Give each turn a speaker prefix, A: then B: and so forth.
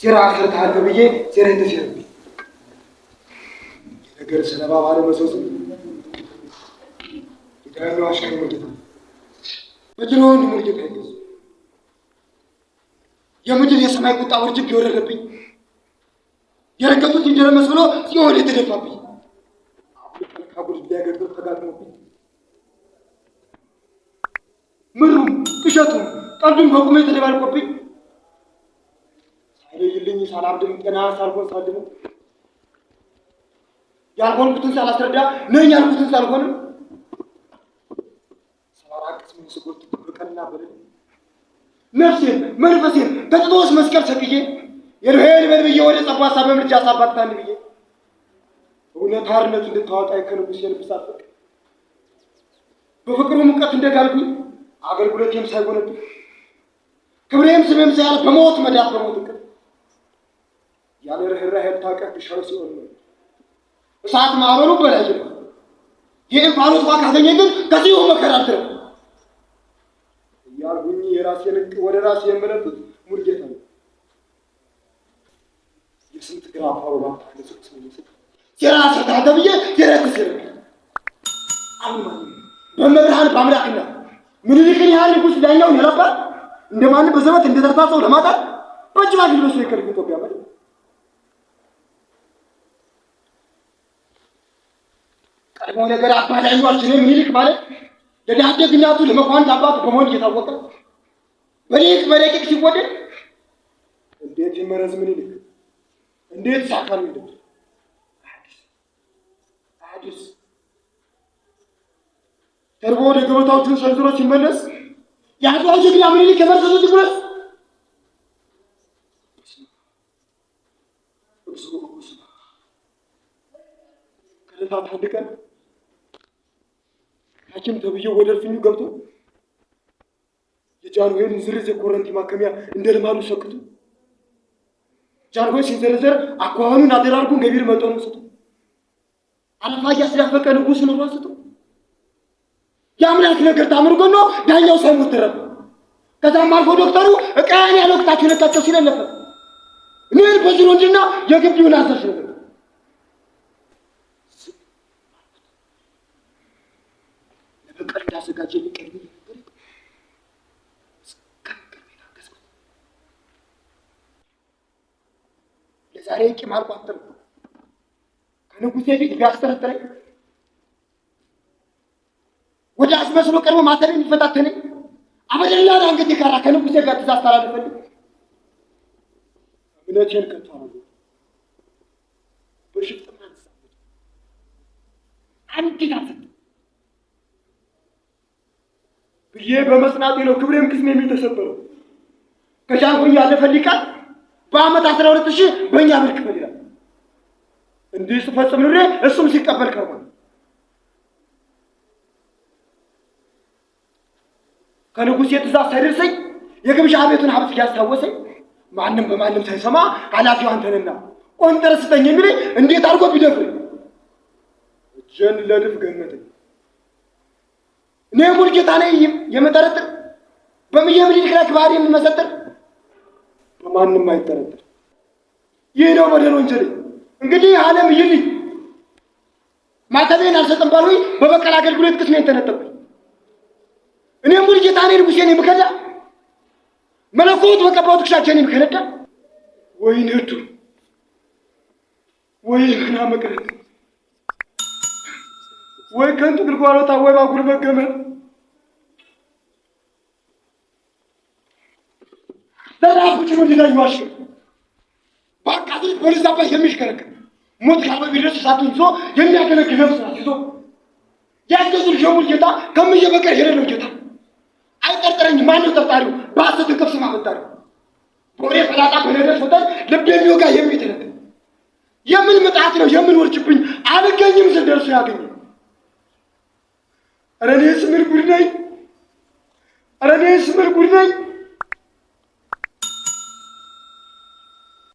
A: ሴራ አሰርተሃል ብዬ ሴራ የተሴረ ነገር ሰለባ ባለመሰሱ ዳያሎ አሻሪ መጌታ ምድር ሆን ሙርጌታ የምድር የሰማይ ቁጣ ውርጅብ የወረደብኝ የረከሱት ይደረመስ ብሎ ጽዮን የተደፋብኝ አሁን ከጉድ ሊያገርበት ተጋጥሞብኝ ምሩም እሸቱም ጠርዱም በቁም ተደባልቆብኝ ሳይለይልኝ ሳላብድም ቀና ሳልሆን ሳድሙ ያልሆንኩትን ሳላስረዳ ነኝ ያልኩትን ሳልሆንም ሰባራቅስ ምን ስጎት በቀንና በደል ነፍሴን መንፈሴን በጥጦስ መስቀል ሰቅዬ የልሄል በልብዬ ወደ ጸባሳ በምርጫ ሳባታን ብዬ እውነት አርነቱ እንድታወጣ ከንጉሴ ልብስ በፍቅሩ ሙቀት እንደጋልኩኝ አገልግሎቴም ሳይጎነብር ክብሬም ስሜም ሳያል በሞት መዳፍ በሞት እቅፍ ያለ ርኅራኄ ታቀፍ ብሻው ሲሆን እሳት ማዕበሉ በላይ ነው። የእንፋሎት ውሃ ካገኘ ግን ከዚሁ መከራ አትረፍ እያልኩኝ የራሴን እቅ ወደ ራሴ የመለብት ሙልጌታ ነው። የስንት ግራ አባሮባ የራስ ተብዬ የረት ሲር በመብርሃን በአምላክና ምኒልክን ያህል ንጉስ ዳኛውን ያላባል እንደማን በዘበት እንደተርታ ሰው ለማጣት በጅማ ግልበሱ የከልግ ኢትዮጵያ ማለት ቀድሞ ነገር አባላዩ አልችለ ምኒልክ ማለት ለዳደግናቱ ለመኳንንት አባቱ በመሆን እየታወቀ በሊቅ በደቂቅ ሲወደድ እንዴት ይመረዝ ምኒልክ እንዴት ሳካል ምንድን አዲስ አዲስ ቀርቦ ወደ ገበታዎቹ ሸንዝሮ ሲመለስ የአድዋ ጀግና ምኒልክ የመረሰሱ ትኩረት ከዕለታት አንድ ቀን ሐኪም ተብዬው ወደ እልፍኙ ገብቶ የጃንሆይን ዝርዝ የኮረንቲ ማከሚያ እንደ ልማዱ ሰክቱ ጃንሆይ ሲዘረዘር አኳኋኑን አደራርጉን ገቢር መጠኑን ስጡ አረፋ እያስዳፈቀ ንጉሥ ነው ስጡ የአምላክ ነገር ታምርጎ ነው ዳኛው ሰው ሙትረብ ከዛም አልፎ ዶክተሩ እቃያን ያለ ወቅታችሁ ነታቸው ሲለለፈ ምን በዚህ ነው እንድና የግቢውን አዘሽ ነው ለበቀል እንዳዘጋጀ የሚቀርብ ለዛሬ ቂም አልቋጥርም ከንጉሴ ፊት ቢያስጠረጥረኝ ወደ አስመስሎ ቀርቦ ማተሪን ይፈታተነኝ አበደላ አንገት የጋራ ከንጉሴ ጋር ትእዛዝ ታላልፈልግ እምነቴን ከቶ በሽፍጥ አንዲት አፈት ብዬ በመጽናጤ ነው ክብሬም ክስም የሚተሰበረው። ከጃንሆይ ያለፈ ሊቃል በአመት አስራ ሁለት ሺህ በእኛ ብር ክፈል ይላል። እንዲህ ስፈጽም ኑሬ እሱም ሲቀበል ከሆነ ከንጉሴ ትእዛዝ ሳይደርሰኝ የግብዣ ቤቱን ሀብት እያስታወሰኝ ማንም በማንም ሳይሰማ ኃላፊው አንተንና ቆንጠር ስጠኝ የሚለኝ እንዴት አድርጎ ቢደፍር እጄን ለድፍ ገመጠኝ። እኔ ሙልጌታ ነኝ የምጠረጥር በምኒልክ ላይ ባህሪ የምመሰጥር በማንም አይጠረጥር። ይህ ነው በደል ወንጀል። እንግዲህ አለም ይልኝ ማተቤን አልሰጥም ባሉኝ በበቀል አገልግሎት ቅስሜን ተነጠብኝ። እኔ ሙሉ ጌታ ነኝ ንጉሴ ነኝ ብከዳ መለኮት በቀባው ትከሻቼ ነኝ ብከነዳ ወይ ነቱ ወይ ምና መቅረት ወይ ከንቱ ግልጓሎታ ወይ ባጉር መገመል በራሱ ችሎ ሊላይ ዋሽ በአቃቶች በልዛባት የሚሽከረከር ሞት ካልበ ቢደርስ እሳቱን ይዞ የሚያገለግል ነፍስ ናት ይዞ ያገዙ ልሸሙል ጌታ ከምየ በቀር የሌለው ጌታ አይጠርጥረኝ። ማነው ጠርጣሪው? በአስት ክፍ ስም አበጠረው ቦሬ ፈላጣ በነደር ፍጠር ልብ የሚወጋ የሚትለት የምን ምጣት ነው የምን ወርችብኝ አልገኝም ስል ደርሶ ያገኘ ረኔስ ምን ጉድ ነኝ ረኔስ ምን ጉድ ነኝ